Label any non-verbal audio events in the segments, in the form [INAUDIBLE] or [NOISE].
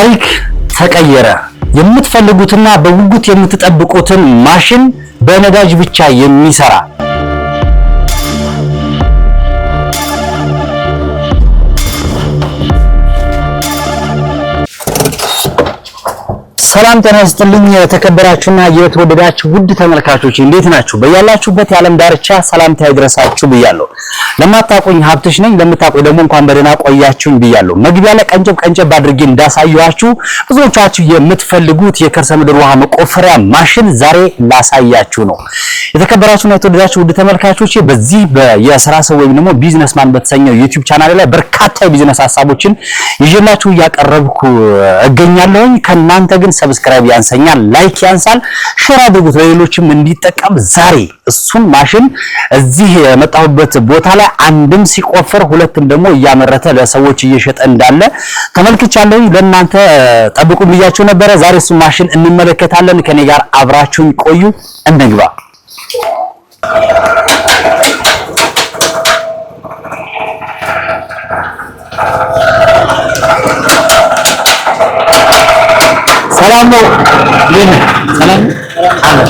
ታሪክ ተቀየረ። የምትፈልጉትና በጉጉት የምትጠብቁትን ማሽን በነዳጅ ብቻ የሚሰራ ሰላም ጤና ይስጥልኝ። የተከበራችሁና የተወደዳችሁ ውድ ተመልካቾች እንዴት ናችሁ? በያላችሁበት የዓለም ዳርቻ ሰላምታ ይድረሳችሁ ብያለሁ። ለማታውቁኝ ሀብትሽ ነኝ፣ ለምታውቁኝ ደግሞ እንኳን በደህና ቆያችሁኝ ብያለሁ። መግቢያ ላይ ቀንጨብ ቀንጨብ አድርጌ እንዳሳየኋችሁ ብዙዎቻችሁ የምትፈልጉት የከርሰ ምድር ውሃ መቆፈሪያ ማሽን ዛሬ ላሳያችሁ ነው። የተከበራችሁና የተወደዳችሁ ውድ ተመልካቾች በዚህ የስራ ሰው ወይም ደግሞ ቢዝነስማን በተሰኘው ዩቲዩብ ቻናል ላይ በርካታ የቢዝነስ ሀሳቦችን ይዤላችሁ እያቀረብኩ እገኛለሁኝ ከእናንተ ግን ሰብስክራይብ ያንሰኛል፣ ላይክ ያንሳል፣ ሼር አድርጉት ለሌሎችም እንዲጠቀም። ዛሬ እሱን ማሽን እዚህ የመጣሁበት ቦታ ላይ አንድም ሲቆፍር ሁለትም ደግሞ እያመረተ ለሰዎች እየሸጠ እንዳለ ተመልክቻለሁ። ለእናንተ ጠብቁ ብያችሁ ነበረ። ዛሬ እሱን ማሽን እንመለከታለን። ከኔ ጋር አብራችሁን ቆዩ። እንግባ። salamu lin salam ano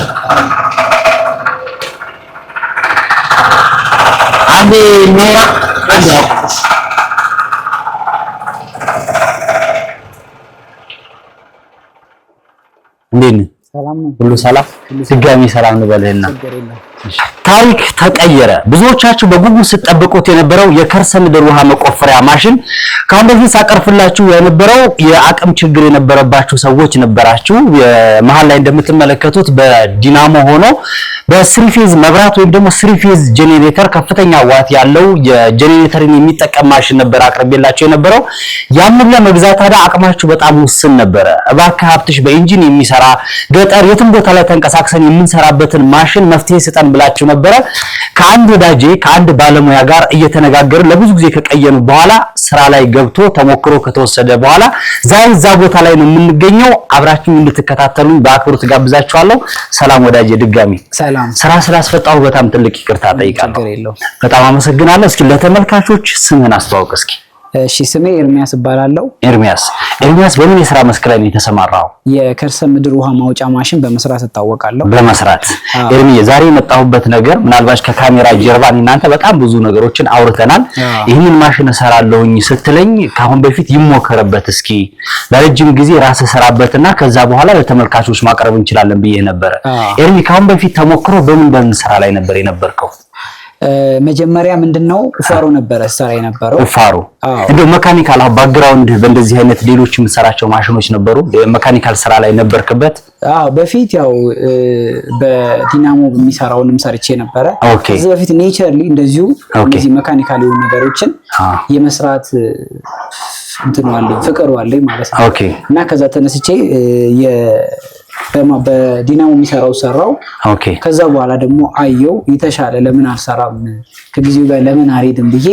ani mira ano lin salam dulu salam sigami salam nubalena sigami salam ታሪክ ተቀየረ። ብዙዎቻችሁ በጉጉት ስጠብቁት የነበረው የከርሰ ምድር ውሃ መቆፈሪያ ማሽን ከአሁን በፊት ሳቀርፍላችሁ የነበረው የአቅም ችግር የነበረባችሁ ሰዎች ነበራችሁ። መሀል ላይ እንደምትመለከቱት በዲናሞ ሆኖ በስሪፌዝ መብራት ወይም ደግሞ ስሪፌዝ ጄኔሬተር ከፍተኛ ዋት ያለው የጄኔሬተርን የሚጠቀም ማሽን ነበር አቅርቤላቸው የነበረው። ያንን ለመግዛት ታዲያ አቅማችሁ በጣም ውስን ነበረ። እባክህ ሀብትሽ በኢንጂን የሚሰራ ገጠር የትም ቦታ ላይ ተንቀሳቅሰን የምንሰራበትን ማሽን መፍትሄ ስጠን ብላችሁ ነበረ። ከአንድ ወዳጄ ከአንድ ባለሙያ ጋር እየተነጋገርን ለብዙ ጊዜ ከቀየኑ በኋላ ስራ ላይ ገብቶ ተሞክሮ ከተወሰደ በኋላ ዛሬ እዛ ቦታ ላይ ነው የምንገኘው። አብራችሁ እንድትከታተሉኝ በአክብሮት ጋብዛችኋለሁ። ሰላም ወዳጄ ድጋሚ ሰላም ስራ ስላስፈጣሁ በጣም ትልቅ ይቅርታ ጠይቃለሁ። በጣም አመሰግናለሁ። እስኪ ለተመልካቾች ስምን አስተዋውቅ እስኪ። እሺ ስሜ ኤርሚያስ እባላለሁ። ኤርሚያስ ኤርሚያስ በምን የስራ መስክ ላይ ነው የተሰማራው? የከርሰ ምድር ውሃ ማውጫ ማሽን በመስራት እታወቃለሁ። በመስራት ኤርሚ፣ ዛሬ የመጣሁበት ነገር ምናልባት ከካሜራ ጀርባ እናንተ በጣም ብዙ ነገሮችን አውርተናል። ይህንን ማሽን እሰራለሁኝ ስትለኝ ከአሁን በፊት ይሞከርበት እስኪ ለረጅም ጊዜ ራስ ሰራበትና ከዛ በኋላ ለተመልካቾች ማቅረብ እንችላለን ብዬ ነበረ። ኤርሚ፣ ከአሁን በፊት ተሞክሮ በምን በምን ስራ ላይ ነበር የነበርከው? መጀመሪያ ምንድን ነው ቁፋሮ ነበረ ስራ የነበረው ቁፋሮ። እንደ መካኒካል ባክግራውንድ በእንደዚህ አይነት ሌሎች የምሰራቸው ማሽኖች ነበሩ። መካኒካል ስራ ላይ ነበርክበት? አዎ፣ በፊት ያው በዲናሞ የሚሰራውንም ሰርቼ ነበረ። ከዚህ በፊት ኔቸርሊ እንደዚሁ እንደዚህ መካኒካል የሆኑ ነገሮችን የመስራት እንትን ዋለኝ ፍቅር ዋለኝ ማለት ነው እና ከዛ ተነስቼ በዲናሞ የሚሰራው ሰራው። ከዛ በኋላ ደግሞ አየው የተሻለ ለምን አልሰራም፣ ከጊዜው ጋር ለምን አልሄድም ብዬ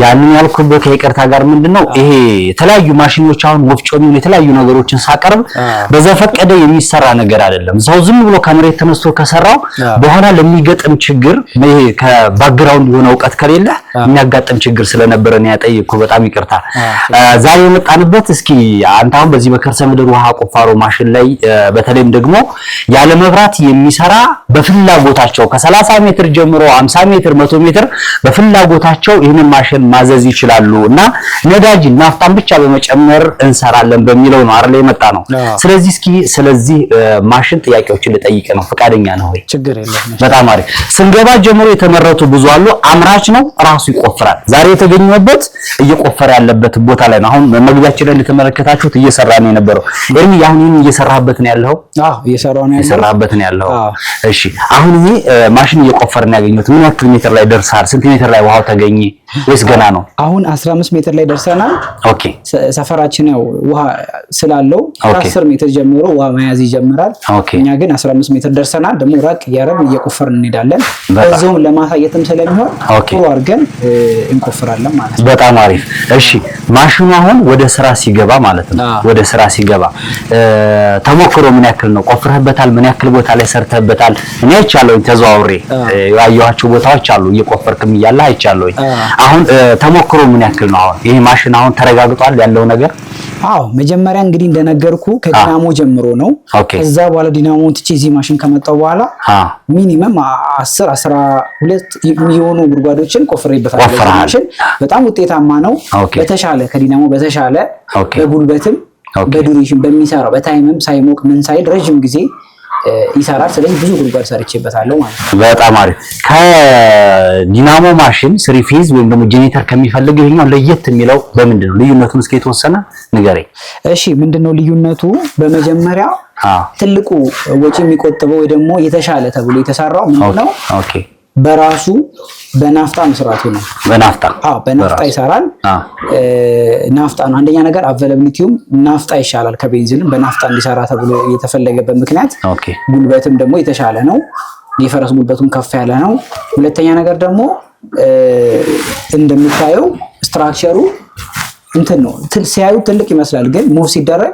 ያንን ያልኩበት ከይቅርታ ጋር ምንድን ነው ይሄ የተለያዩ ማሽኖች አሁን ወፍጮ የሚሆን የተለያዩ ነገሮችን ሳቀርብ በዘፈቀደ የሚሰራ ነገር አይደለም። ሰው ዝም ብሎ ከመሬት ተነስቶ ከሰራው በኋላ ለሚገጥም ችግር ይሄ ከባክግራውንድ የሆነ እውቀት ከሌለ የሚያጋጥም ችግር ስለነበረ ነው ያጠየቅኩ። በጣም ይቅርታ። ዛሬ የመጣንበት እስኪ አንተ አሁን በዚህ በከርሰ ምድር ውሃ ቁፋሮ ማሽን ላይ በተለይም ደግሞ ያለ መብራት የሚሰራ በፍላጎታቸው ከ30 ሜትር ጀምሮ 50 ሜትር፣ 100 ሜትር በፍላጎታቸው ይህንን ማሽን ማዘዝ ይችላሉ እና ነዳጅ ናፍጣን ብቻ በመጨመር እንሰራለን በሚለው ነው አይደል የመጣ ነው። ስለዚህ እስኪ ስለዚህ ማሽን ጥያቄዎችን ልጠይቅ ነው። ፈቃደኛ ነው ወይ? ችግር የለም። በጣም አሪፍ። ስንገባ ጀምሮ የተመረቱ ብዙ አሉ። አምራች ነው ራሱ ይቆፍራል። ዛሬ የተገኘበት እየቆፈረ ያለበት ቦታ ላይ ነው። አሁን መግቢያችን ላይ እንደተመለከታችሁት እየሰራ ነው የነበረው። ኤርሚ ያሁን ይህን እየሰራበት ነው ያለው። አዎ እየሰራበት ነው ያለው። እሺ አሁን ይሄ ማሽን እየቆፈረ ነው ያገኘሁት። ምን ያክል ሜትር ላይ ደርሳል? ስንት ሜትር ላይ ውሃው ተገኘ ወይስ ገና ነው? አሁን 15 ሜትር ላይ ደርሰናል። ኦኬ ሰፈራችን ያው ውሃ ስላለው 10 ሜትር ጀምሮ ውሃ መያዝ ይጀምራል። እኛ ግን 15 ሜትር ደርሰናል። ደግሞ ራቅ እያደረግን እየቆፈር እንሄዳለን። በዚሁም ለማሳየትም ስለሚሆን ጥሩ አድርገን እንቆፍራለን ማለት ነው። በጣም አሪፍ። እሺ ማሽኑ አሁን ወደ ስራ ሲገባ ማለት ነው ወደ ስራ ሲገባ ተሞክሮ ምን ያክል ነው? ቆፍረህበታል? ምን ያክል ቦታ ላይ ሰርተህበታል? እኔ አይቻለሁ ተዘዋውሬ ያየኋቸው ቦታዎች አሉ እየቆፈር አልተሞከርክም እያለ አይቻለሁኝ። አሁን ተሞክሮ ምን ያክል ነው? አሁን ይሄ ማሽን አሁን ተረጋግጧል ያለው ነገር? አዎ መጀመሪያ እንግዲህ እንደነገርኩ ከዲናሞ ጀምሮ ነው። ከዛ በኋላ ዲናሞን ትቼ እዚህ ማሽን ከመጣው በኋላ ሚኒመም አስር አስራ ሁለት የሚሆኑ ጉድጓዶችን ቆፍሬበታለሁ። በጣም ውጤታማ ነው። በተሻለ ከዲናሞ በተሻለ በጉልበትም በዱሬሽን በሚሰራው በታይምም ሳይሞቅ ምን ሳይል ረዥም ጊዜ ይሰራል። ስለዚህ ብዙ ጉድጓድ ሰርቼበታለሁ ማለት ነው። በጣም አሪፍ። ከዲናሞ ማሽን ስሪ ፌዝ ወይም ደግሞ ጄኔተር ከሚፈልግ ይሄኛው ለየት የሚለው በምንድን ነው? ልዩነቱን እስከ የተወሰነ ንገረኝ። እሺ፣ ምንድን ነው ልዩነቱ? በመጀመሪያ ትልቁ ወጪ የሚቆጥበው ወይ ደግሞ የተሻለ ተብሎ የተሰራው ምንድነው? ኦኬ በራሱ በናፍጣ መስራቱ ነው። በናፍጣ አዎ፣ በናፍጣ ይሰራል። ናፍጣ ነው አንደኛ ነገር። አቬለብሊቲውም ናፍጣ ይሻላል ከቤንዚንም በናፍጣ እንዲሰራ ተብሎ የተፈለገበት ምክንያት ጉልበትም ደግሞ የተሻለ ነው። የፈረስ ጉልበቱም ከፍ ያለ ነው። ሁለተኛ ነገር ደግሞ እንደምታየው ስትራክቸሩ እንትን ነው። ሲያዩ ትልቅ ይመስላል፣ ግን ሙቭ ሲደረግ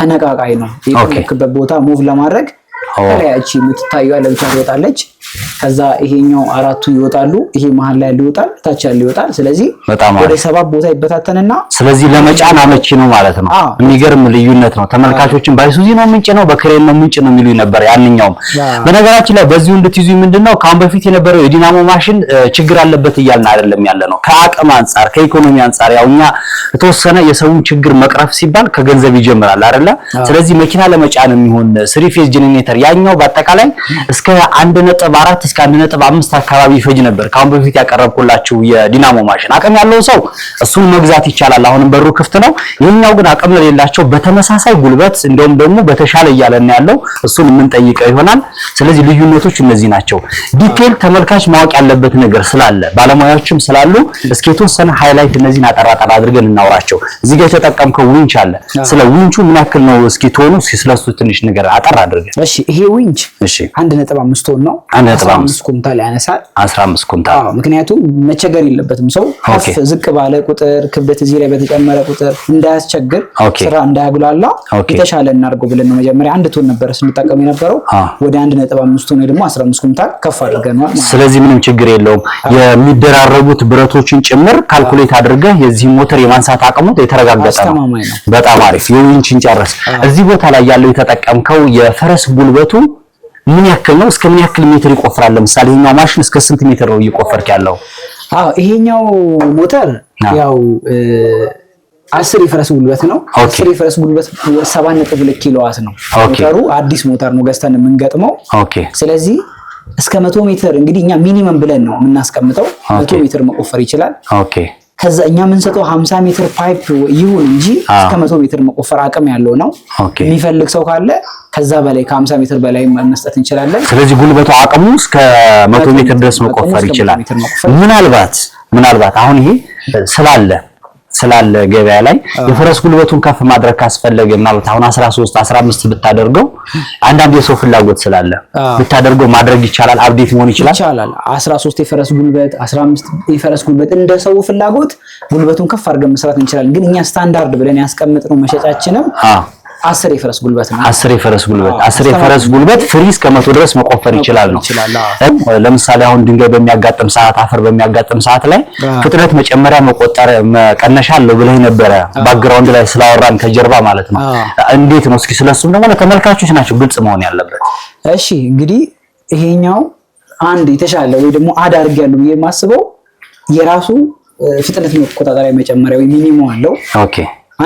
ተነቃቃይ ነው። የፈለክበት ቦታ ሙቭ ለማድረግ ተለያች የምትታዩ ለብቻ ትወጣለች። ከዛ ይሄኛው አራቱ ይወጣሉ። ይሄ መሀል ላይ ይወጣል፣ ታች ያለ ይወጣል። ስለዚህ ወደ ሰባት ቦታ ይበታተንና ስለዚህ ለመጫን አመቺ ነው ማለት ነው። የሚገርም ልዩነት ነው። ተመልካቾችን ባይሱዚ ነው ምንጭ ነው በክሬን ነው ምንጭ ነው የሚሉ ነበር። ያንኛውም በነገራችን ላይ በዚሁ እንድትይዙ ምንድነው ከአሁን በፊት የነበረው የዲናሞ ማሽን ችግር አለበት እያልን አይደለም ያለ ነው። ከአቅም አንጻር ከኢኮኖሚ አንጻር ያው እኛ የተወሰነ የሰውን ችግር መቅረፍ ሲባል ከገንዘብ ይጀምራል አይደለ? ስለዚህ መኪና ለመጫን የሚሆን ስሪ ፌዝ ጄኔሬተር ያኛው በአጠቃላይ እስከ አንድ ነጥብ አራት እስከ አንድ ነጥብ አምስት አካባቢ ይፈጅ ነበር ከአሁን በፊት ያቀረብኩላችሁ የዲናሞ ማሽን። አቅም ያለው ሰው እሱን መግዛት ይቻላል። አሁንም በሩ ክፍት ነው። ይህኛው ግን አቅም ለሌላቸው በተመሳሳይ ጉልበት እንደውም ደግሞ በተሻለ እያለን ያለው እሱን የምንጠይቀው ይሆናል። ስለዚህ ልዩነቶች እነዚህ ናቸው። ዲቴል ተመልካች ማወቅ ያለበት ነገር ስላለ ባለሙያዎችም ስላሉ እስከ የተወሰነ ሃይላይት እነዚህን አጠራጠር አድርገን እናውራቸው። እዚህ ጋር የተጠቀምከው ዊንች አለ። ስለ ዊንቹ ምን ያክል ነው እስኪ ትሆኑ ስለሱ ትንሽ ነገር አጠር አድርገን። እሺ ይሄ ዊንች እሺ 1.5 ቶን ነው ነጥብ ኩንታል ያነሳል። 15 አምስት ኩንታል ምክንያቱም መቸገር የለበትም ሰው ከፍ ዝቅ ባለ ቁጥር ክብደት እዚህ ላይ በተጨመረ ቁጥር እንዳያስቸግር ስራ እንዳያጉላላ የተሻለ እናድርገው ብለን ነው መጀመሪያ አንድ ቶን ነበረ ስንጠቀም የነበረው ወደ አንድ ነጥብ አምስት ቶን ደግሞ አስራ ኩንታል ከፍ አድርገናል። ስለዚህ ምንም ችግር የለውም። የሚደራረቡት ብረቶችን ጭምር ካልኩሌት አድርገህ የዚህ ሞተር የማንሳት አቅሙ የተረጋገጠ ነው። በጣም አሪፍ የዊንችን ጨረስ እዚህ ቦታ ላይ ያለው የተጠቀምከው የፈረስ ጉልበቱ ምን ያክል ነው? እስከ ምን ያክል ሜትር ይቆፍራል? ለምሳሌ ይሄኛው ማሽን እስከ ስንት ሜትር ነው እየቆፈርክ ያለው? አዎ ይሄኛው ሞተር ያው አስር የፈረስ ጉልበት ነው። አስር የፈረስ ጉልበት ሰባት ነጥብ ሁለት ነው። ሞተሩ አዲስ ሞተር ነው ገዝተን የምንገጥመው። ስለዚህ እስከ መቶ ሜትር እንግዲህ እኛ ሚኒመም ብለን ነው የምናስቀምጠው። መቶ ሜትር መቆፈር ይችላል። ከዛ እኛ የምንሰጠው 50 ሜትር ፓይፕ ይሁን እንጂ እስከ መቶ ሜትር መቆፈር አቅም ያለው ነው። የሚፈልግ ሰው ካለ ከዛ በላይ ከ50 ሜትር በላይ መስጠት እንችላለን። ስለዚህ ጉልበቱ አቅሙ እስከ መቶ ሜትር ድረስ መቆፈር ይችላል። ምናልባት ምናልባት አሁን ይሄ ስላለ ስላለ ገበያ ላይ የፈረስ ጉልበቱን ከፍ ማድረግ ካስፈለገ ምናልባት አሁን 13 15 ብታደርገው አንዳንድ የሰው ፍላጎት ስላለ ብታደርገው ማድረግ ይቻላል። አብዴት መሆን ይችላል ይቻላል። 13 የፈረስ ጉልበት 15 የፈረስ ጉልበት እንደ ሰው ፍላጎት ጉልበቱን ከፍ አድርገን መስራት እንችላለን። ግን እኛ ስታንዳርድ ብለን ያስቀምጥነው መሸጫችንም አስር የፈረስ ጉልበት ነው። አስር የፈረስ ጉልበት አስር የፈረስ ጉልበት ፍሪ እስከ መቶ ድረስ መቆፈር ይችላል ነው። ለምሳሌ አሁን ድንጋይ በሚያጋጥም ሰዓት፣ አፈር በሚያጋጥም ሰዓት ላይ ፍጥነት መጨመሪያ መቆጠር መቀነሻ አለው ብለህ ነበረ ባክግራውንድ ላይ ስላወራን ከጀርባ ማለት ነው። እንዴት ነው እስኪ ስለሱም ደግሞ ለተመልካቾች ናቸው ግልጽ መሆን ያለበት። እሺ እንግዲህ ይሄኛው አንድ የተሻለ ወይ ደግሞ አድ አድርጌያለሁ ብዬ የማስበው የራሱ ፍጥነት መቆጣጠሪያ መጨመሪያ ወይ ሚኒሞ አለው። ኦኬ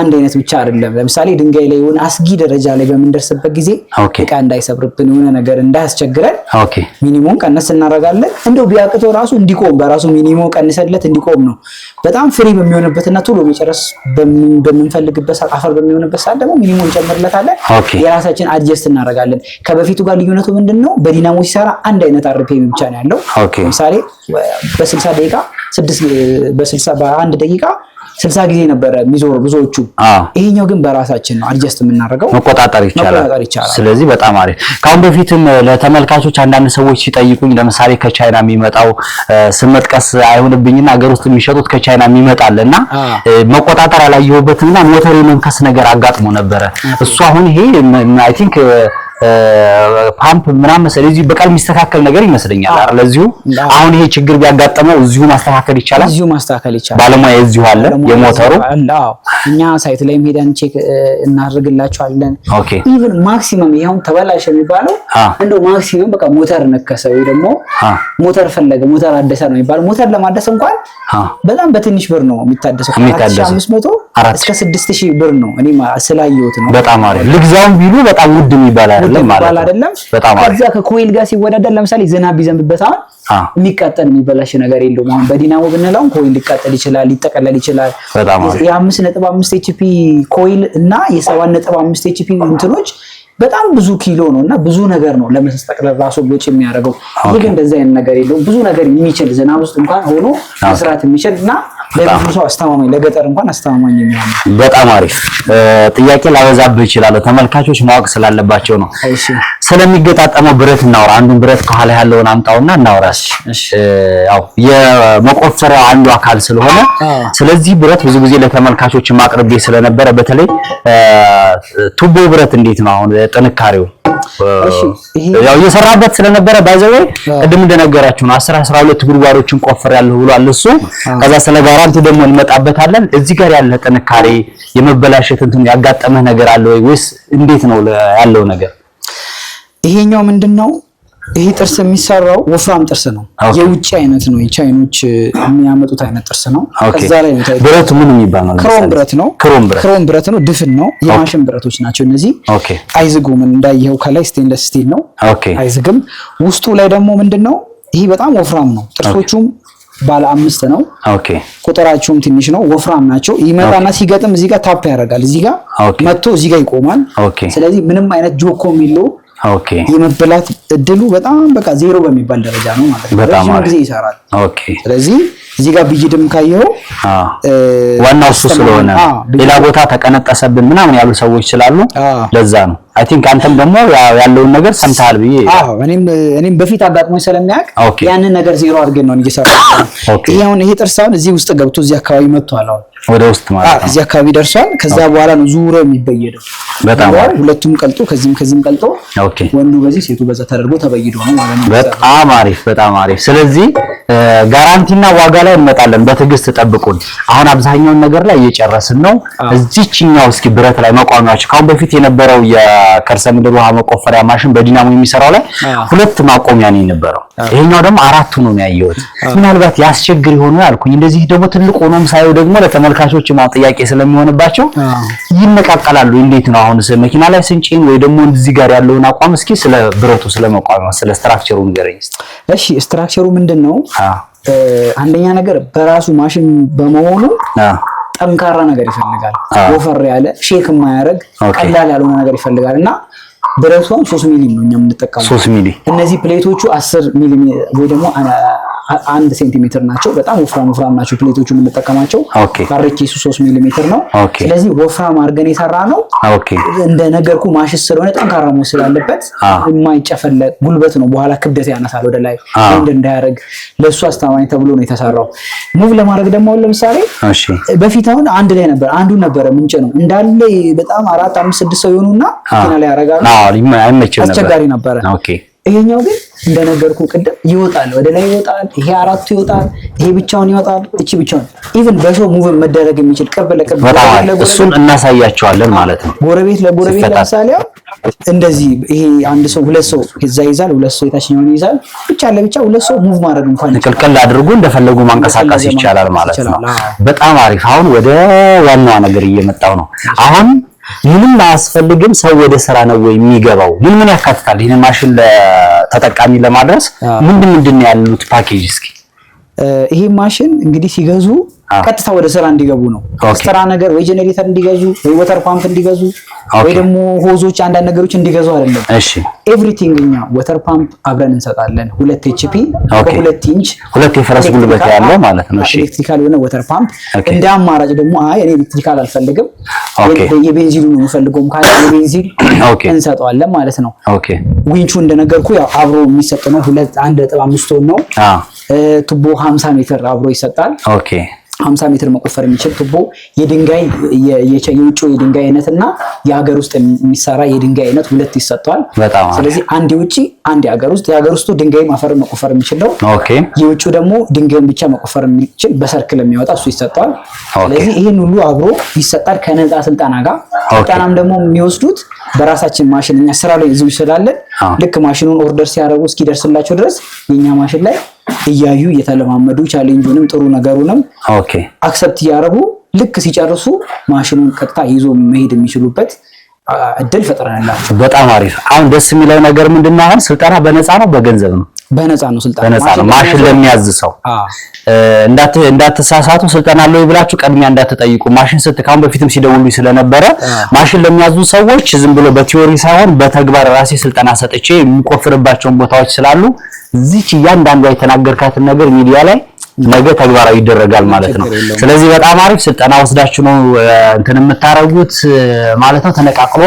አንድ አይነት ብቻ አይደለም። ለምሳሌ ድንጋይ ላይ የሆነ አስጊ ደረጃ ላይ በምንደርስበት ጊዜ እቃ እንዳይሰብርብን የሆነ ነገር እንዳያስቸግረን ሚኒሞን ቀነስ እናደርጋለን። እንደው ቢያቅተው ራሱ እንዲቆም በራሱ ሚኒሞ ቀንሰለት እንዲቆም ነው። በጣም ፍሪ በሚሆንበትና ቶሎ መጨረስ በምንፈልግበት ሰዓት፣ አፈር በሚሆንበት ሰዓት ደግሞ ሚኒሞ እንጨምርለታለን። የራሳችን አድጀስት እናደርጋለን። ከበፊቱ ጋር ልዩነቱ ምንድን ነው? በዲናሞ ሲሰራ አንድ አይነት አርፒኤም ብቻ ነው ያለው። ለምሳሌ በስልሳ ደቂቃ ስድስት በስልሳ በአንድ ደቂቃ ስልሳ ጊዜ ነበረ የሚዞሩ ብዙዎቹ። ይሄኛው ግን በራሳችን ነው አድጀስት የምናደርገው፣ መቆጣጠር ይቻላል። ስለዚህ በጣም አሪፍ። ከአሁን በፊትም ለተመልካቾች አንዳንድ ሰዎች ሲጠይቁኝ፣ ለምሳሌ ከቻይና የሚመጣው ስም መጥቀስ አይሆንብኝና ሀገር ውስጥ የሚሸጡት ከቻይና የሚመጣል እና መቆጣጠር ና ሞተር የመንከስ ነገር አጋጥሞ ነበረ እሱ አሁን ይሄ አይ ቲንክ ፓምፕ ምናምን መሰለኝ እዚሁ በቃል የሚስተካከል ነገር ይመስለኛል አይደል? እዚሁ አሁን ይሄ ችግር ቢያጋጠመው እዚሁ ማስተካከል ይቻላል፣ እዚሁ ማስተካከል ይቻላል። ባለሙያ እዚሁ አለ የሞተሩ። አዎ እኛ ሳይት ላይም ሄደን ቼክ እናደርግላቸዋለን። ኦኬ ኢቭን ማክሲመም ይሄውን ተበላሸ የሚባለው እንደው ማክሲመም በቃ ሞተር ነከሰ ወይ ደግሞ ሞተር ፈለገ ሞተር አደሰ ነው የሚባለው። ሞተር ለማደስ እንኳን በጣም በትንሽ ብር ነው የሚታደሰው፣ ከአምስት መቶ እስከ ስድስት ሺህ ብር ነው። እኔ ስላየሁት ነው። በጣም አሪፍ ልግዛውን ቢሉ በጣም ውድ ይባላል አይደለም ማለት አይደለም። ከዛ ከኮይል ጋር ሲወዳደር ለምሳሌ ዝናብ ቢዘንብበት አሁን የሚቃጠል የሚበላሽ ነገር የለውም። አሁን በዲናሞ ብንለውም ኮይል ሊቃጠል ይችላል፣ ሊጠቀለል ይችላል። የአምስት ነጥብ አምስት ኤችፒ ኮይል እና የሰባት ነጥብ አምስት ኤችፒ እንትኖች በጣም ብዙ ኪሎ ነው እና ብዙ ነገር ነው ለመስጠቅ ለራሱ ወጪ የሚያደርገው። ግን እንደዚህ አይነት ነገር የለውም። ብዙ ነገር የሚችል ዝናብ ውስጥ እንኳን ሆኖ መስራት የሚችል እና ለብዙ ሰው አስተማማኝ፣ ለገጠር እንኳን አስተማማኝ የሚሆን በጣም አሪፍ ጥያቄ ላበዛብ ይችላለሁ። ተመልካቾች ማወቅ ስላለባቸው ነው። ስለሚገጣጠመው ብረት እናውራ። አንዱን ብረት ከኋላ ያለውን አምጣውና እናውራስ። የመቆፈሪያው አንዱ አካል ስለሆነ ስለዚህ ብረት ብዙ ጊዜ ለተመልካቾች ማቅረቤ ስለነበረ በተለይ ቱቦ ብረት እንዴት ነው አሁን ጥንካሬው ያው እየሰራበት ስለነበረ ባይዘው ቅድም እንደነገራችሁ ነው። 10 12 ጉድጓዶችን ቆፍር ያለሁ ብሏል እሱ። ከዛ ስለ ጋራንቲ ደግሞ እንመጣበታለን። እዚህ ጋር ያለ ጥንካሬ የመበላሸት እንትን ያጋጠመህ ነገር አለ ወይ ወይስ እንዴት ነው ያለው ነገር? ይሄኛው ምንድነው ይህ ጥርስ የሚሰራው ወፍራም ጥርስ ነው። የውጭ አይነት ነው። የቻይኖች የሚያመጡት አይነት ጥርስ ነው። ከዛ ላይ ነው። ብረቱ ምን የሚባል ነው? ክሮም ብረት ነው። ክሮም ብረት ነው። ድፍን ነው። የማሽን ብረቶች ናቸው እነዚህ። አይዝጉም። እንዳየኸው ከላይ ስቴንለስ ስቲል ነው። አይዝግም። ውስጡ ላይ ደግሞ ምንድን ነው? ይህ በጣም ወፍራም ነው። ጥርሶቹም ባለ አምስት ነው። ቁጥራቸውም ትንሽ ነው። ወፍራም ናቸው። ይመጣና ሲገጥም እዚህ ጋር ታፕ ያደርጋል። እዚህ ጋር መጥቶ እዚህ ጋር ይቆማል። ስለዚህ ምንም አይነት ጆኮም የሚለው ኦኬ የመበላት እድሉ በጣም በቃ ዜሮ በሚባል ደረጃ ነው ማለት ነው። በጣም ጊዜ ይሰራል። ኦኬ ስለዚህ እዚህ ጋር ብይድም ካየው ዋናው እሱ ስለሆነ ሌላ ቦታ ተቀነጠሰብን ምናምን ያሉ ሰዎች ስላሉ ለዛ ነው። አይ ቲንክ አንተም ደግሞ ያለውን ነገር ሰምተሃል ብዬ እኔም በፊት አጋጥሞ ስለሚያውቅ ያንን ነገር ዜሮ አድርገን ነው እየሰራ ይሄ ይሄ ጥርስ አሁን እዚህ ውስጥ ገብቶ እዚህ አካባቢ መጥቷል አሁን ወደ ውስጥ ማለት ነው። እዚህ አካባቢ ደርሷል። ከዛ በኋላ ነው ዙሮ የሚበየደው። በጣም ሁለቱም ቀልጦ ከዚህም ከዚህም ቀልጦ ወንዱ በዚህ ሴቱ በዛ ተደርጎ ተበይዶ ነው ማለት ነው። በጣም አሪፍ፣ በጣም አሪፍ። ስለዚህ ጋራንቲና ዋጋ ላይ እንመጣለን። በትዕግስት ጠብቁን። አሁን አብዛኛውን ነገር ላይ እየጨረስን ነው። እዚችኛው እስኪ ብረት ላይ መቋሚያዎች፣ ከአሁን በፊት የነበረው የከርሰ ምድር ውሃ መቆፈሪያ ማሽን በዲናሞ የሚሰራው ላይ ሁለት ማቆሚያ ነው የነበረው። ይሄኛው ደግሞ አራቱ ነው የሚያየሁት። ምናልባት ያስቸግር ይሆኑ ያልኩኝ። እንደዚህ ደግሞ ትልቅ ሆኖም ሳይው ደግሞ ለተመ ተመልካቾች ጥያቄ ስለሚሆንባቸው ይነቃቀላሉ። እንዴት ነው አሁን መኪና ላይ ስንጭን ወይ ደግሞ እዚህ ጋር ያለውን አቋም እስኪ ስለ ብረቱ ስለ መቋሚያ ስለ ስትራክቸሩ ንገረኝ። እሺ ስትራክቸሩ ምንድን ነው? አንደኛ ነገር በራሱ ማሽን በመሆኑ ጠንካራ ነገር ይፈልጋል። ወፈር ያለ ሼክ የማያደርግ ቀላል ያልሆነ ነገር ይፈልጋል እና ብረቷን ሶስት ሚሊ ነው እኛ የምንጠቀመው ሚሊ። እነዚህ ፕሌቶቹ አስር ሚሊ ወይ ደግሞ አንድ ሴንቲሜትር ናቸው። በጣም ወፍራም ወፍራም ናቸው ፕሌቶቹ የምንጠቀማቸው። ካሬኬሱ ሶስት ሚሊ ነው። ስለዚህ ወፍራም አድርገን የሰራ ነው። እንደ ነገርኩ ማሽስ ስለሆነ ጠንካራ መሆን ስላለበት የማይጨፈለ ጉልበት ነው። በኋላ ክብደት ያነሳል ወደ ላይ ንድ እንዳያደርግ ለእሱ አስተማማኝ ተብሎ ነው የተሰራው። ሙቭ ለማድረግ ደግሞ አሁን ለምሳሌ በፊት አሁን አንድ ላይ ነበር አንዱን ነበረ ምንጭ ነው እንዳለ በጣም አራት አምስት ስድስት ሰው የሆኑና ና ላይ ያረጋሉ አስቸጋሪ ነበረ። ይሄኛው ግን እንደነገርኩ ቅድም ይወጣል፣ ወደ ላይ ይወጣል። ይሄ አራቱ ይወጣል፣ ይሄ ብቻውን ይወጣል፣ እቺ ብቻውን ኢቭን በሰው ሙቭ መደረግ የሚችል ቅርብ ለቅብ እሱን እናሳያቸዋለን ማለት ነው። ጎረቤት ለጎረቤት ለምሳሌ እንደዚህ ይሄ አንድ ሰው ሁለት ሰው እዛ ይዛል፣ ሁለት ሰው የታችኛውን ይዛል፣ ብቻ ለብቻ ሁለት ሰው ሙቭ ማድረግ እንኳን ቅልቅል አድርጎ እንደፈለጉ ማንቀሳቀስ ይቻላል ማለት ነው። በጣም አሪፍ። አሁን ወደ ዋናዋ ነገር እየመጣው ነው አሁን ምንም አያስፈልግም። ሰው ወደ ስራ ነው ወይ የሚገባው? ምን ምን ያካትታል? ይህን ማሽን ተጠቃሚ ለማድረስ ምንድን ምንድን ያሉት ፓኬጅ? እስኪ ይሄ ማሽን እንግዲህ ሲገዙ ቀጥታ ወደ ስራ እንዲገቡ ነው። ስራ ነገር ወይ ጀኔሬተር እንዲገዙ ወይ ወተር ፓምፕ እንዲገዙ ወይ ደግሞ ሆዞች፣ አንዳንድ ነገሮች እንዲገዙ አይደለም። እሺ ኤቭሪቲንግ እኛ ወተር ፓምፕ አብረን እንሰጣለን። ሁለት ኤችፒ በሁለት ኢንች ሁለት የፈረስ ጉልበት ያለው ማለት ነው። እሺ ኤሌክትሪካል የሆነ ወተር ፓምፕ እንደ አማራጭ ደግሞ አይ እኔ ኤሌክትሪካል አልፈልግም የቤንዚን ነው የምፈልገውም ካለ የቤንዚን [CLEARS THROAT] እንሰጠዋለን ማለት ነው። ኦኬ ዊንቹ እንደነገርኩ ያው አብሮ የሚሰጥ ነው። ሁለት አንድ ነጥብ አምስት ቶን ነው። ቱቦ 50 ሜትር አብሮ ይሰጣል። ኦኬ 50 ሜትር መቆፈር የሚችል ቱቦ የድንጋይ የውጭ የድንጋይ አይነት እና የሀገር ውስጥ የሚሰራ የድንጋይ አይነት ሁለት ይሰጠዋል። ስለዚህ አንድ የውጭ አንድ የሀገር ውስጥ የሀገር ውስጡ ድንጋይ ማፈር መቆፈር የሚችል ነው። የውጭ ደግሞ ድንጋይን ብቻ መቆፈር የሚችል በሰርክል የሚያወጣ እሱ ይሰጠዋል። ስለዚህ ይህን ሁሉ አብሮ ይሰጣል ከነፃ ስልጠና ጋር። ስልጠናም ደግሞ የሚወስዱት በራሳችን ማሽን እኛ ስራ ላይ እዚሁ ስላለን ልክ ማሽኑን ኦርደር ሲያደርጉ እስኪደርስላቸው ድረስ የኛ ማሽን ላይ እያዩ እየተለማመዱ ቻሌንጁንም ጥሩ ነገሩንም አክሰፕት እያደረጉ ልክ ሲጨርሱ ማሽኑን ቀጥታ ይዞ መሄድ የሚችሉበት እድል ፈጥረንላቸው። በጣም አሪፍ። አሁን ደስ የሚለው ነገር ምንድን ነው? አሁን ስልጠና በነፃ ነው፣ በገንዘብ ነው በነፃ ነው ስልጠና በነፃ ነው ማሽን ለሚያዝ ሰው እንዳትሳሳቱ ስልጠና አለው ብላችሁ ቀድሚያ እንዳትጠይቁ ማሽን ስትካሁን በፊትም ሲደውሉ ስለነበረ ማሽን ለሚያዙ ሰዎች ዝም ብሎ በቲዮሪ ሳይሆን በተግባር ራሴ ስልጠና ሰጥቼ የሚቆፍርባቸውን ቦታዎች ስላሉ እዚች እያንዳንዷ የተናገርካትን ነገር ሚዲያ ላይ ነገ ተግባራዊ ይደረጋል ማለት ነው። ስለዚህ በጣም አሪፍ ስልጠና ወስዳችሁ ነው እንትን የምታረጉት ማለት ነው ተነቃቅሎ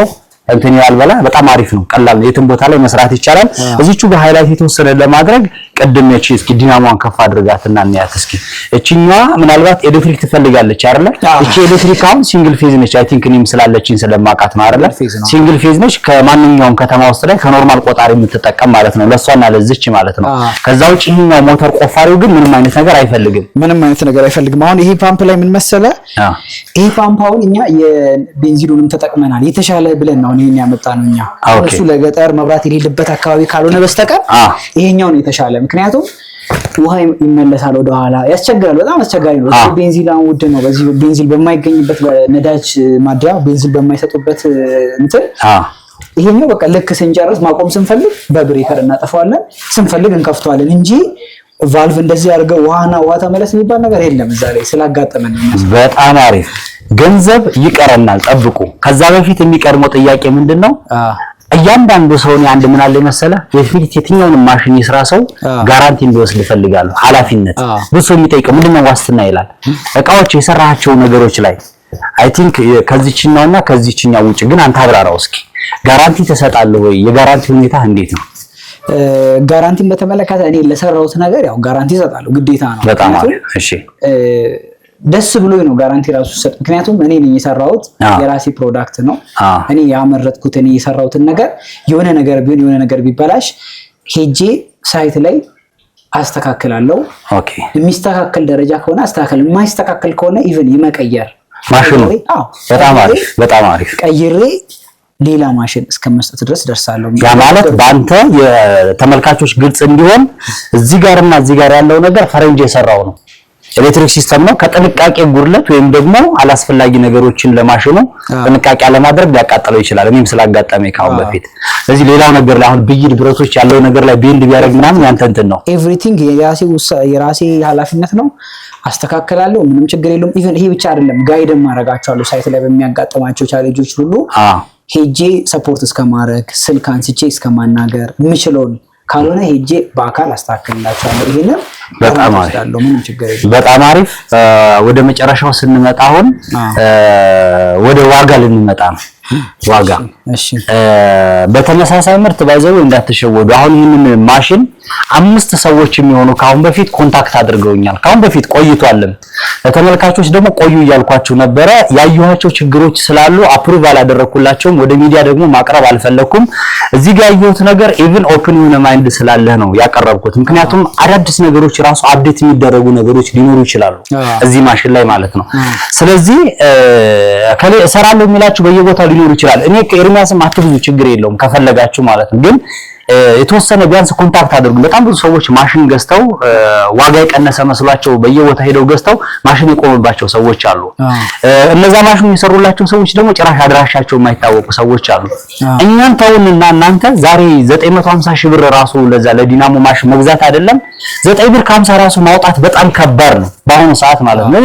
እንትን በላ በጣም አሪፍ ነው። ቀላል ነው። የትም ቦታ ላይ መስራት ይቻላል። እዚቹ በሃይላይት የተወሰነ ለማድረግ ቅድም እቺ እስኪ ዲናሞን ከፍ እና እናያት እስኪ። እቺኛ ምናልባት ኤሌክትሪክ ትፈልጋለች አይደለ? እቺ ኤሌክትሪክ አሁን ሲንግል ፌዝ ነች። አይ ቲንክ እኔም ስላለችኝ ስለማውቃት ነው አይደለ? ሲንግል ፌዝ ነች። ከማንኛውም ከተማ ውስጥ ላይ ከኖርማል ቆጣሪ የምትጠቀም ማለት ነው፣ ለእሷና ለዚች ማለት ነው። ከዛ ውጭ ይሄኛው ሞተር ቆፋሪው ግን ምንም አይነት ነገር አይፈልግም። ምንም አይነት ነገር አይፈልግም። አሁን ይሄ ፓምፕ ላይ ምን መሰለ፣ ይሄ ፓምፕ አሁን እኛ የቤንዚኑንም ተጠቅመናል የተሻለ ብለን ነው ይሄን ያመጣነው እኛ። እሱ ለገጠር መብራት የሌለበት አካባቢ ካልሆነ በስተቀር ይሄኛው ነው የተሻለ ምክንያቱም ውሃ ይመለሳል ወደኋላ፣ ያስቸግራል። በጣም አስቸጋሪ ነው። ቤንዚን ውድ ነው። በዚህ ቤንዚን በማይገኝበት ነዳጅ ማደያ ቤንዚን በማይሰጡበት እንትን ይሄኛው በቃ ልክ ስንጨርስ ማቆም ስንፈልግ በብሬከር እናጠፋዋለን፣ ስንፈልግ እንከፍተዋለን እንጂ ቫልቭ እንደዚህ አድርገው ውሃና ውሃ ተመለስ የሚባል ነገር የለም። እዛ ላይ ስላጋጠመን በጣም አሪፍ ገንዘብ ይቀረናል። ጠብቁ። ከዛ በፊት የሚቀድመው ጥያቄ ምንድን ነው? እያንዳንዱ ሰውን አንድ ምን አለ መሰለ የፊት የትኛውንም ማሽን የስራ ሰው ጋራንቲ እንዲወስድ ይፈልጋሉ። ኃላፊነት ብዙ ሰው የሚጠይቀው ምንድነው ዋስትና ይላል። እቃዎች የሰራቸው ነገሮች ላይ አይ ቲንክ ከዚችኛውና ከዚችኛው ውጭ ግን አንተ አብራራው እስኪ ጋራንቲ ትሰጣለህ ወይ? የጋራንቲ ሁኔታ እንዴት ነው? ጋራንቲን በተመለከተ እኔ ለሰራሁት ነገር ያው ጋራንቲ እሰጣለሁ፣ ግዴታ ነው። በጣም እሺ ደስ ብሎ ነው ጋራንቲ ራሱ ሰጥ። ምክንያቱም እኔ ነኝ የሰራሁት የራሴ ፕሮዳክት ነው። እኔ ያመረጥኩት እኔ የሰራሁትን ነገር የሆነ ነገር ቢሆን የሆነ ነገር ቢበላሽ ሄጄ ሳይት ላይ አስተካክላለሁ። የሚስተካከል ደረጃ ከሆነ አስተካከል፣ የማይስተካከል ከሆነ ኢቨን የመቀየር ማሽኑ በጣም አሪፍ በጣም አሪፍ ቀይሬ ሌላ ማሽን እስከመስጠት ድረስ ደርሳለሁ። ያ ማለት በአንተ የተመልካቾች ግልጽ እንዲሆን እዚህ ጋርና እዚህ ጋር ያለው ነገር ፈረንጅ የሰራው ነው ኤሌክትሪክ ሲስተም ነው። ከጥንቃቄ ጉድለት ወይም ደግሞ አላስፈላጊ ነገሮችን ለማሽኑ ጥንቃቄ አለማድረግ ሊያቃጥለው ይችላል። እኔም ስላጋጠመ ካሁን በፊት ስለዚህ ሌላው ነገር ላይ አሁን ብይድ ብረቶች ያለው ነገር ላይ ቤንድ ቢያደርግ ምናምን ያንተ እንትን ነው። ኤቭሪቲንግ የራሴ የራሴ ኃላፊነት ነው። አስተካከላለሁ ምንም ችግር የለውም። ኢቨን ይሄ ብቻ አይደለም፣ ጋይድም ማድረጋቸዋለሁ ሳይት ላይ በሚያጋጥማቸው ቻሌንጆች ሁሉ ሄጄ ሰፖርት እስከማድረግ ስልክ አንስቼ እስከማናገር የምችለውን ካልሆነ ሄጄ በአካል አስተካክልላቸዋለሁ። ይሄንን በጣም አሪፍ። ወደ መጨረሻው ስንመጣ አሁን ወደ ዋጋ ልንመጣ ነው። ዋጋ በተመሳሳይ ምርት ባይዘው እንዳትሸወዱ። አሁን ይህንን ማሽን አምስት ሰዎች የሚሆኑ ከአሁን በፊት ኮንታክት አድርገውኛል። ከአሁን በፊት ቆይቷልም። ለተመልካቾች ደግሞ ቆዩ እያልኳቸው ነበረ። ያየኋቸው ችግሮች ስላሉ አፕሩቭ አላደረኩላቸውም። ወደ ሚዲያ ደግሞ ማቅረብ አልፈለኩም። እዚህ ጋር ያየሁት ነገር ኢቭን ኦፕን የሆነ ማይንድ ስላለህ ነው ያቀረብኩት። ምክንያቱም አዳዲስ ነገሮች ራሱ አፕዴት የሚደረጉ ነገሮች ሊኖሩ ይችላሉ እዚህ ማሽን ላይ ማለት ነው። ስለዚህ ከሌ እሰራለሁ የሚላችሁ በየቦታው ሊኖሩ ይችላል። እኔ ከኤርሚያስም አትብዙ ችግር የለውም ከፈለጋችሁ ማለት ነው ግን የተወሰነ ቢያንስ ኮንታክት አድርጉ። በጣም ብዙ ሰዎች ማሽን ገዝተው ዋጋ የቀነሰ መስሏቸው በየቦታ ሄደው ገዝተው ማሽን የቆመባቸው ሰዎች አሉ። እነዛ ማሽኑ የሰሩላቸው ሰዎች ደግሞ ጭራሽ አድራሻቸው የማይታወቁ ሰዎች አሉ። እኛን ተውንና እናንተ ዛሬ 950 ሺህ ብር ራሱ ለዛ ለዲናሞ ማሽን መግዛት አይደለም 9 ብር ከ50 ራሱ ማውጣት በጣም ከባድ ነው በአሁኑ ሰዓት ማለት ነው።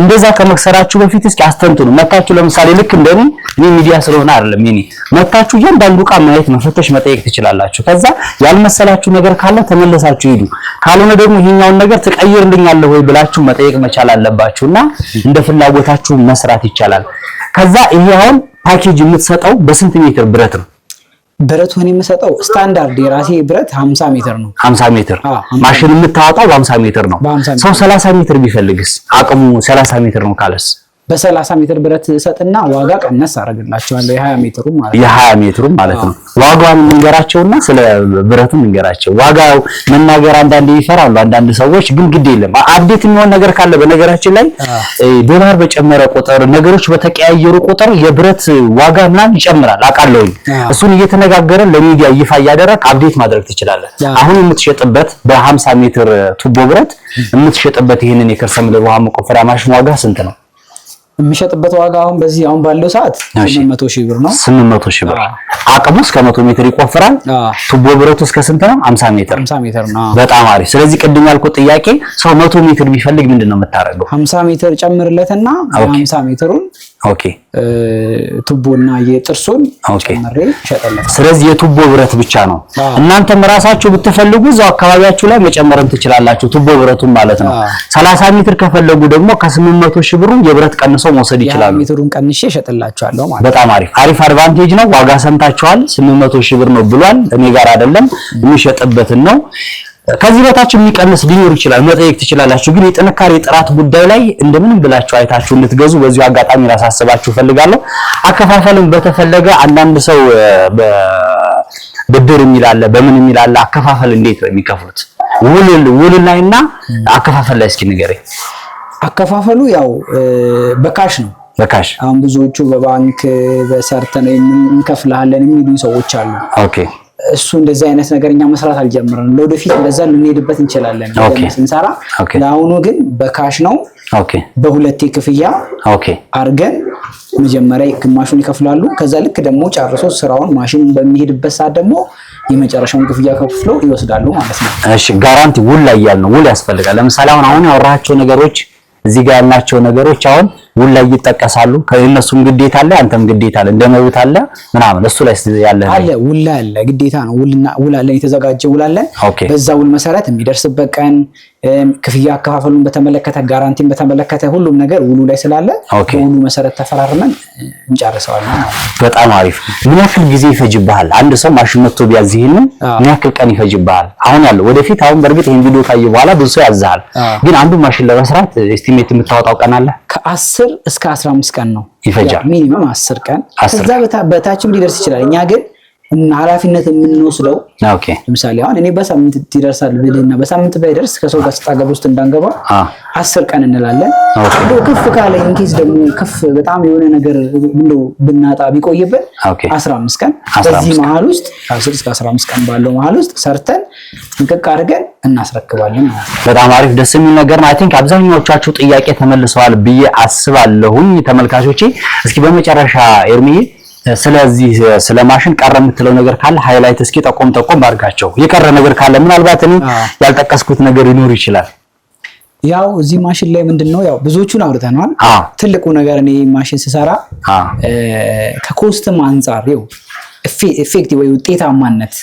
እንደዛ ከመክሰራችሁ በፊት እስኪ አስተንትኑ። መታችሁ ለምሳሌ ልክ እንደኔ እኔ ሚዲያ ስለሆነ አይደለም እኔ መታችሁ እያንዳንዱ ዕቃ ማየት መፈተሽ መጠየቅ ትችላላችሁ። አድርጋችሁ ከዛ ያልመሰላችሁ ነገር ካለ ተመለሳችሁ ሂዱ። ካልሆነ ደግሞ ይሄኛውን ነገር ትቀይርልኛለህ ወይ ብላችሁ መጠየቅ መቻል አለባችሁና እንደ ፍላጎታችሁ መስራት ይቻላል። ከዛ ይሄ አሁን ፓኬጅ የምትሰጠው በስንት ሜትር ብረት ነው? ብረት ብረቱን የምሰጠው ስታንዳርድ የራሴ ብረት 50 ሜትር ነው። 50 ሜትር ማሽን የምታወጣው በ50 ሜትር ነው። ሰው 30 ሜትር ቢፈልግስ አቅሙ 30 ሜትር ነው ካለስ በሰላሳ ሜትር ብረት ሰጥና ዋጋ ቀነስ አደርግላቸዋለሁ የሀያ ሜትሩ ማለት ነው ሜትሩ ማለት ነው። ዋጋውን እንገራቸውና ስለ ብረቱ እንገራቸው። ዋጋው መናገር አንዳንድ ይፈራሉ አንዳንድ ሰዎች፣ ግን ግድ የለም አብዴት የሚሆን ነገር ካለ በነገራችን ላይ ዶላር በጨመረ ቁጥር ነገሮች በተቀያየሩ ቁጥር የብረት ዋጋ ምናምን ይጨምራል አውቃለሁ። እሱን እየተነጋገረን ለሚዲያ ይፋ እያደረግ አብዴት ማድረግ ትችላለ። አሁን የምትሸጥበት በ50 ሜትር ቱቦ ብረት የምትሸጥበት ይህንን የከርሰ ምድር ውሃ መቆፈሪያ ማሽን ዋጋ ስንት ነው? የሚሸጥበት ዋጋ አሁን በዚህ አሁን ባለው ሰዓት 800 ሺህ ብር ነው። 800 ሺህ ብር አቅሙ እስከ 100 ሜትር ይቆፍራል። ቱቦ ብረቱ እስከ ስንት ነው? 50 ሜትር 50 ሜትር ነው። በጣም አሪፍ። ስለዚህ ቅድም ያልኩት ጥያቄ ሰው 100 ሜትር ቢፈልግ ምንድን ነው የምታደርገው? 50 ሜትር ጨምርለትና 50 ሜትሩን ቱቦና የጥርሱን ጨምሬ ስለዚህ የቱቦ ብረት ብቻ ነው። እናንተም ራሳችሁ ብትፈልጉ እዛው አካባቢያችሁ ላይ መጨመርን ትችላላችሁ። ቱቦ ብረቱን ማለት ነው። 30 ሜትር ከፈለጉ ደግሞ ከ800 ሺህ ብሩ የብረት ቀንሰው መውሰድ ይችላሉ። ሜትሩን ቀንሼ እሸጥላችኋለሁ ማለት። በጣም አሪፍ አሪፍ አድቫንቴጅ ነው። ዋጋ ሰምታችኋል። 800 ሺህ ብር ነው ብሏል። እኔ ጋር አይደለም የሚሸጥበትን ነው ከዚህ በታች የሚቀንስ ሊኖር ይችላል፣ መጠየቅ ትችላላችሁ። ግን የጥንካሬ ጥራት ጉዳይ ላይ እንደምንም ብላችሁ አይታችሁ እንድትገዙ በዚሁ አጋጣሚ ላሳስባችሁ ፈልጋለሁ። አከፋፈልም በተፈለገ አንዳንድ ሰው ብድር የሚላለ በምን የሚላለ አከፋፈል እንዴት ነው የሚከፍሉት? ውል ውል ላይና አከፋፈል ላይ እስኪ ንገረኝ። አከፋፈሉ ያው በካሽ ነው በካሽ አሁን ብዙዎቹ በባንክ በሰርተን እንከፍልሃለን የሚሉ ሰዎች አሉ። ኦኬ እሱ እንደዚህ አይነት ነገር እኛ መስራት አልጀምረንም። ለወደፊት እንደዛ ልንሄድበት እንችላለን ስንሰራ። ለአሁኑ ግን በካሽ ነው በሁለቴ ክፍያ አድርገን መጀመሪያ ግማሹን ይከፍላሉ። ከዛ ልክ ደግሞ ጨርሶ ስራውን ማሽን በሚሄድበት ሰዓት ደግሞ የመጨረሻውን ክፍያ ከፍሎ ይወስዳሉ ማለት ነው። እሺ፣ ጋራንቲ ውል ላይ ያልነው ውል ያስፈልጋል። ለምሳሌ አሁን አሁን ያወራቸው ነገሮች እዚህ ጋር ያልናቸው ነገሮች አሁን ውል ላይ ይጠቀሳሉ። ከእነሱም ግዴታ አለ፣ አንተም ግዴታ አለ፣ እንደ አለ ምናምን እሱ ላይ ያለ አለ። ውል አለ፣ ግዴታ ነው። ውልና ውል አለ፣ የተዘጋጀ ውል አለ። በዛ ውል መሰረት የሚደርስበት ቀን፣ ክፍያ አከፋፈሉን በተመለከተ ጋራንቲን በተመለከተ ሁሉም ነገር ውሉ ላይ ስላለ ውሉ መሰረት ተፈራርመን እንጨርሰዋለን። በጣም አሪፍ። ምን ያክል ጊዜ ይፈጅብሃል? አንድ ሰው ማሽን መጥቶ ቢያዝ ምን ያክል ቀን ይፈጅብሃል? አሁን ያለው ወደፊት አሁን በእርግጥ ይሄን ቪዲዮ ካየ በኋላ ብዙ ሰው ያዝሃል፣ ግን አንዱ ማሽን ለመስራት ኤስቲሜት የምታወጣው ቀን አለ ከአስር እስከ አስራ አምስት ቀን ነው ይፈጃል። ሚኒመም አስር ቀን ከዛ በታችም ሊደርስ ይችላል። እኛ ግን ኃላፊነት የምንወስደው ለምሳሌ አሁን እኔ በሳምንት ይደርሳል ብልና በሳምንት ባይደርስ ከሰው ጋር ስጣገብ ውስጥ እንዳንገባ አስር ቀን እንላለን። እንደው ከፍ ካለ ኢንኬዝ ደግሞ ከፍ በጣም የሆነ ነገር እንደው ብናጣ ቢቆይብን አስራ አምስት ቀን በዚህ መሀል ውስጥ ከአስር እስከ አስራ አምስት ቀን ባለው መሀል ውስጥ ሰርተን እንቅቅ አድርገን እናስረክባለን ማለት በጣም አሪፍ ደስ የሚል ነገር ነው። ቲንክ አብዛኛዎቻችሁ ጥያቄ ተመልሰዋል ብዬ አስባለሁኝ ተመልካቾቼ። እስኪ በመጨረሻ ኤርሚዬ ስለዚህ ስለ ማሽን ቀረ የምትለው ነገር ካለ ሃይላይት እስኪ ጠቆም ጠቆም አድርጋቸው። የቀረ ነገር ካለ ምናልባት እኔ ያልጠቀስኩት ነገር ሊኖር ይችላል። ያው እዚህ ማሽን ላይ ምንድን ነው ያው ብዙዎቹን አውርተናል። ትልቁ ነገር እኔ ማሽን ስሰራ ከኮስትም አንጻር ይኸው ወይ ውጤታማነት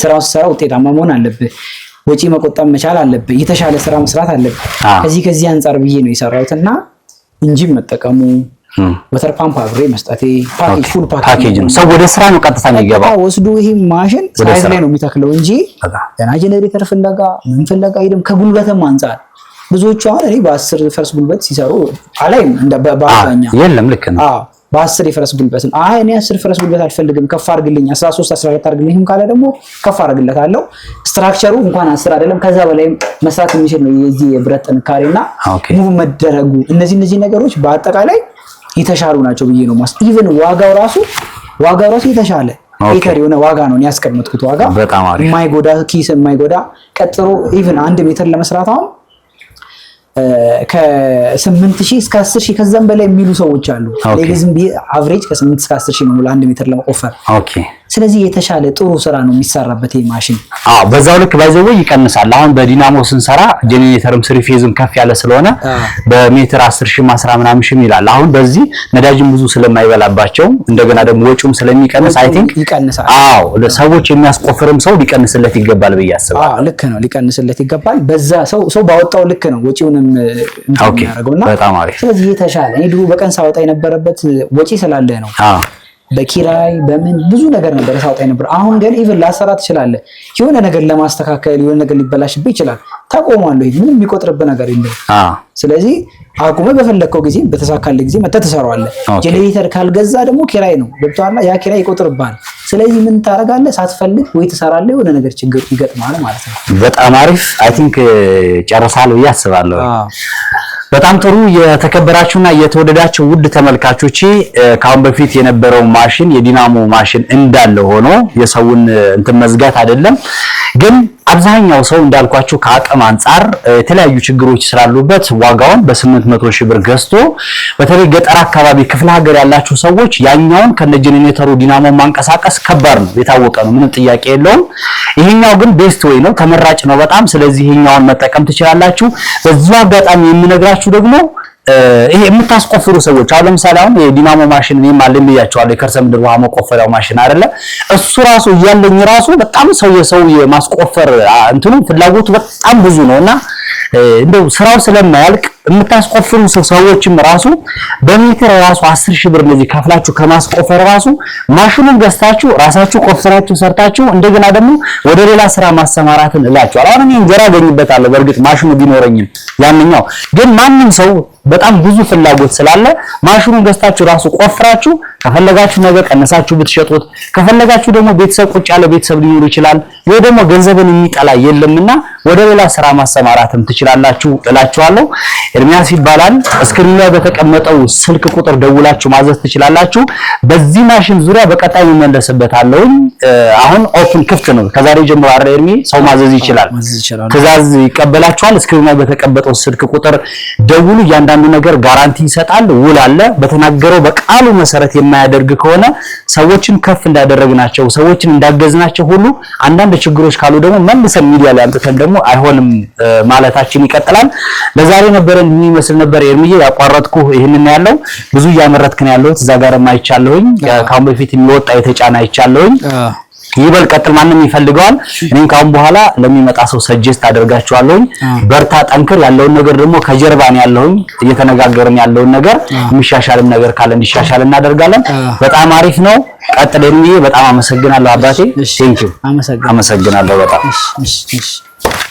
ስራውን ስሰራ ውጤታማ መሆን አለብህ። ወጪ መቆጠብ መቻል አለብህ። የተሻለ ስራ መስራት አለብህ። ከዚህ ከዚህ አንጻር ብዬ ነው የሰራሁት እና እንጂም መጠቀሙ ወተር ፓምፕ አብሬ መስጠቴ ፓኬጅ ፉል ፓኬጅ ነው። ሰው ወደ ስራ ነው ቀጥታ የሚገባ ወስዶ ይህ ማሽን ሳይዝ ላይ ነው የሚተክለው እንጂ ገና ጀነሬተር ፍለጋ ምን ፍለጋ ሄድም ከጉልበትም አንጻር ብዙዎቹ አሁን እኔ በአስር ፈርስ ጉልበት ሲሰሩ አላይም። እንደ በአብዛኛው የለም ልክ ነው በአስር የፈረስ ጉልበት ነው። አይ እኔ አስር ፈረስ ጉልበት አልፈልግም ከፍ አድርግልኝ 13 14 አድርግልኝ ካለ ደግሞ ከፍ አድርግለታለሁ። ስትራክቸሩ እንኳን አስር አይደለም ከዛ በላይም መስራት የሚችል ነው። የዚህ የብረት ጥንካሬና ሙቭ መደረጉ እነዚህ እነዚህ ነገሮች በአጠቃላይ የተሻሉ ናቸው ብዬ ነው ማስ ኢቭን ዋጋው ራሱ ዋጋው ራሱ የተሻለ ሜትር የሆነ ዋጋ ነው ያስቀመጥኩት። ዋጋ የማይጎዳ ኪስ የማይጎዳ ቀጥሮ ኢቭን አንድ ሜትር ለመስራት አሁን ከስምንት ሺህ እስከ አስር ሺህ ከዛም በላይ የሚሉ ሰዎች አሉ። አቨሬጅ ከስምንት እስከ አስር ሺህ ነው ለአንድ ሜትር ለኦፈር ስለዚህ የተሻለ ጥሩ ስራ ነው የሚሰራበት ይህ ማሽን። አዎ በዛው ልክ ባይዘው ይቀንሳል። አሁን በዲናሞ ስንሰራ ጄኔሬተርም ስሪ ፌዝም ከፍ ያለ ስለሆነ በሜትር 10 ሺህ 10 ምናምን ሺህ ይላል። አሁን በዚህ ነዳጅም ብዙ ስለማይበላባቸው እንደገና ደግሞ ወጪውም ስለሚቀንስ አይ ቲንክ ይቀንሳል። አዎ ሰዎች የሚያስቆፍርም ሰው ሊቀንስለት ይገባል ብዬ አስባለሁ። አዎ ልክ ነው፣ ሊቀንስለት ይገባል። በዛ ሰው ሰው ባወጣው ልክ ነው ወጪውንም እንደሚያደርገውና በጣም አሪፍ። ስለዚህ የተሻለ እኔ ድሮ በቀን ሳወጣ የነበረበት ወጪ ስላለ ነው። በኪራይ በምን ብዙ ነገር ነበር ሳውጣኝ ነበር። አሁን ግን ኢቨን ላሰራ ትችላለህ። የሆነ ነገር ለማስተካከል የሆነ ነገር ሊበላሽብህ ይችላል። ታቆማለህ። ምንም የሚቆጥርብህ ነገር የለም። ስለዚህ አቁመህ በፈለግከው ጊዜ በተሳካልህ ጊዜ መጥተህ ትሰራዋለህ። ጄኔሬተር ካልገዛ ደግሞ ኪራይ ነው ገብቶሃል። ያ ኪራይ ይቆጥርብሃል። ስለዚህ ምን ታደርጋለህ? ሳትፈልግ ወይ ትሰራለህ፣ የሆነ ነገር ችግር ይገጥማል ማለት ነው። በጣም አሪፍ አይ ቲንክ ጨርሳለሁ ብዬ አስባለሁ። በጣም ጥሩ የተከበራችሁና የተወደዳችሁ ውድ ተመልካቾቼ ከአሁን በፊት የነበረው ማሽን የዲናሞ ማሽን እንዳለ ሆኖ የሰውን እንትን መዝጋት አይደለም ግን አብዛኛው ሰው እንዳልኳችሁ ከአቅም አንጻር የተለያዩ ችግሮች ስላሉበት ዋጋውን በ800 ሺህ ብር ገዝቶ በተለይ ገጠር አካባቢ ክፍለ ሀገር ያላችሁ ሰዎች ያኛውን ከነ ጄኔሬተሩ ዲናሞ ማንቀሳቀስ ከባድ ነው፣ የታወቀ ነው፣ ምንም ጥያቄ የለውም። ይሄኛው ግን ቤስት ወይ ነው፣ ተመራጭ ነው በጣም ስለዚህ ይሄኛውን መጠቀም ትችላላችሁ። በዚሁ አጋጣሚ የምነግራችሁ ደግሞ ይሄ የምታስቆፍሩ ሰዎች አሁን ለምሳሌ አሁን የዲናሞ ማሽን እኔም አለኝ ብያቸዋለሁ። የከርሰ ምድር ውሃ መቆፈሪያው ማሽን አይደለ እሱ ራሱ እያለኝ ራሱ በጣም ሰው የሰው የማስቆፈር እንትኑ ፍላጎቱ በጣም ብዙ ነው እና እንደው ስራው ስለማያልቅ የምታስቆፍሩ ሰዎችም ራሱ በሜትር ራሱ አስር ሺህ ብር እንደዚህ ከፍላችሁ ከማስቆፈር ራሱ ማሽኑን ገዝታችሁ ራሳችሁ ቆፍራችሁ ሰርታችሁ እንደገና ደግሞ ወደ ሌላ ስራ ማሰማራትን እላችኋል። አሁን እኔ እንጀራ አገኝበታለሁ በእርግጥ ማሽኑ ቢኖረኝም ያንኛው ግን ማንም ሰው በጣም ብዙ ፍላጎት ስላለ ማሽኑን ገዝታችሁ ራሱ ቆፍራችሁ ከፈለጋችሁ ነገር ቀነሳችሁ ብትሸጡት፣ ከፈለጋችሁ ደግሞ ቤተሰብ ቁጭ ያለ ቤተሰብ ሊኖር ይችላል። ወይ ደግሞ ገንዘብን የሚጠላ የለምና ወደ ሌላ ስራ ማሰማራትም ትችላላችሁ እላችኋለሁ። ኤርሚያስ ይባላል። እስክሪኑ ላይ በተቀመጠው ስልክ ቁጥር ደውላችሁ ማዘዝ ትችላላችሁ። በዚህ ማሽን ዙሪያ በቀጣይ እመለስበታለሁ። አሁን ኦፕን ክፍት ነው። ከዛሬ ጀምሮ አረ ኤርሚ ሰው ማዘዝ ይችላል። ትዕዛዝ ይቀበላችኋል። እስክሪኑ ላይ በተቀመጠው ስልክ ቁጥር ደውሉ። ለእያንዳንዱ ነገር ጋራንቲ ይሰጣል። ውል አለ። በተናገረው በቃሉ መሰረት የማያደርግ ከሆነ ሰዎችን ከፍ እንዳደረግናቸው ሰዎችን እንዳገዝናቸው ሁሉ አንዳንድ ችግሮች ካሉ ደግሞ መልሰን ሚዲያ ላይ አምጥተን ደግሞ አይሆንም ማለታችን ይቀጥላል። ለዛሬ ነበረን የሚመስል ነበር። የርምዬ ያቋረጥኩ ይህንን ያለው ብዙ እያመረትክን ያለሁት እዛ ጋርም አይቻለሁኝ። ከአሁን በፊት የሚወጣ የተጫነ አይቻለሁኝ። ይበል ቀጥል፣ ማንም ይፈልገዋል። እኔም ካሁን በኋላ ለሚመጣ ሰው ሰጀስት አደርጋችኋለሁኝ። በርታ፣ ጠንክር። ያለውን ነገር ደግሞ ከጀርባ ነው እየተነጋገርን ያለውን ነገር የሚሻሻልም ነገር ካለ እንዲሻሻል እናደርጋለን። በጣም አሪፍ ነው። ቀጥል። በጣም አመሰግናለሁ አባቴ። ቴንኪው። አመሰግናለሁ በጣም